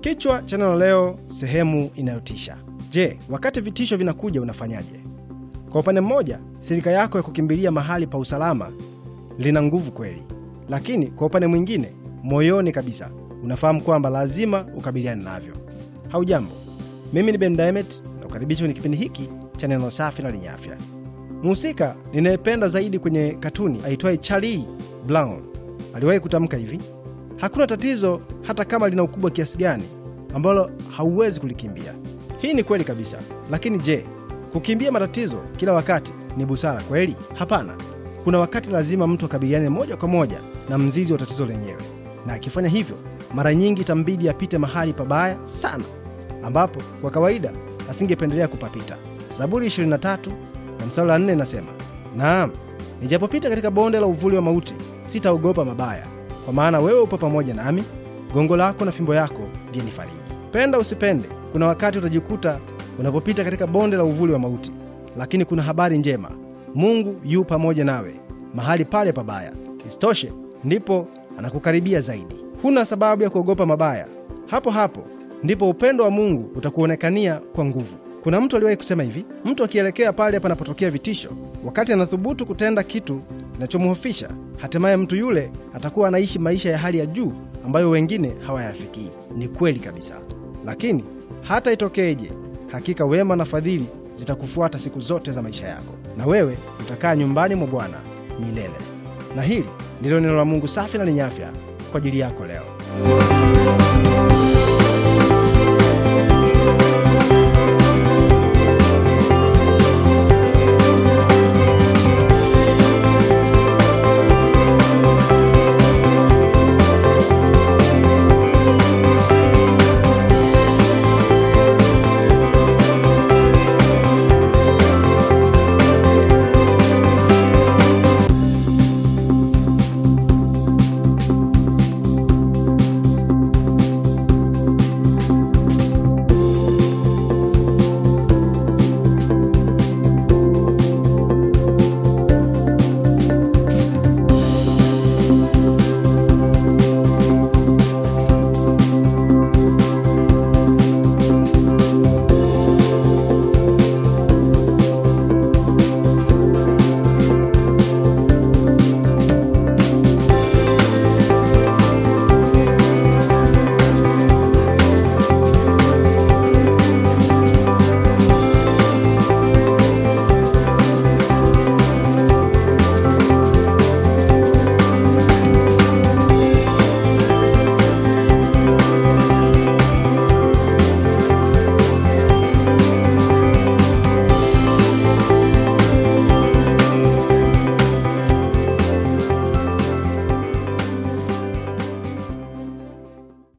Kichwa cha neno leo, sehemu inayotisha. Je, wakati vitisho vinakuja unafanyaje? Kwa upande mmoja, silika yako ya kukimbilia mahali pa usalama lina nguvu kweli, lakini kwa upande mwingine, moyoni kabisa unafahamu kwamba lazima ukabiliane navyo. Haujambo, mimi ni Ben Diamond na kukaribisha kwenye kipindi hiki cha neno safi na lenye afya. Mhusika ninayependa zaidi kwenye katuni aitwaye Charlie Brown aliwahi kutamka hivi: hakuna tatizo hata kama lina ukubwa kiasi gani, ambalo hauwezi kulikimbia. Hii ni kweli kabisa. Lakini je, kukimbia matatizo kila wakati ni busara kweli? Hapana. Kuna wakati lazima mtu akabiliane moja kwa moja na mzizi wa tatizo lenyewe, na akifanya hivyo, mara nyingi itambidi apite mahali pabaya sana, ambapo kwa kawaida asingependelea kupapita. Zaburi 23 na mstari wa 4 inasema, naam, nijapopita katika bonde la uvuli wa mauti, sitaogopa mabaya, kwa maana wewe upo pamoja nami, gongo lako na fimbo yako vyenifariji. Penda usipende, kuna wakati utajikuta unapopita katika bonde la uvuli wa mauti, lakini kuna habari njema, Mungu yu pamoja nawe mahali pale pabaya. Isitoshe, ndipo anakukaribia zaidi. Huna sababu ya kuogopa mabaya. Hapo hapo ndipo upendo wa Mungu utakuonekania kwa nguvu. Kuna mtu aliwahi kusema hivi, mtu akielekea pale panapotokea vitisho, wakati anathubutu kutenda kitu kinachomhofisha, hatimaye mtu yule atakuwa anaishi maisha ya hali ya juu ambayo wengine hawayafikii. Ni kweli kabisa. Lakini hata itokeje, hakika wema na fadhili zitakufuata siku zote za maisha yako, na wewe utakaa nyumbani mwa Bwana milele. Na hili ndilo neno la Mungu safi na lenye afya kwa ajili yako leo.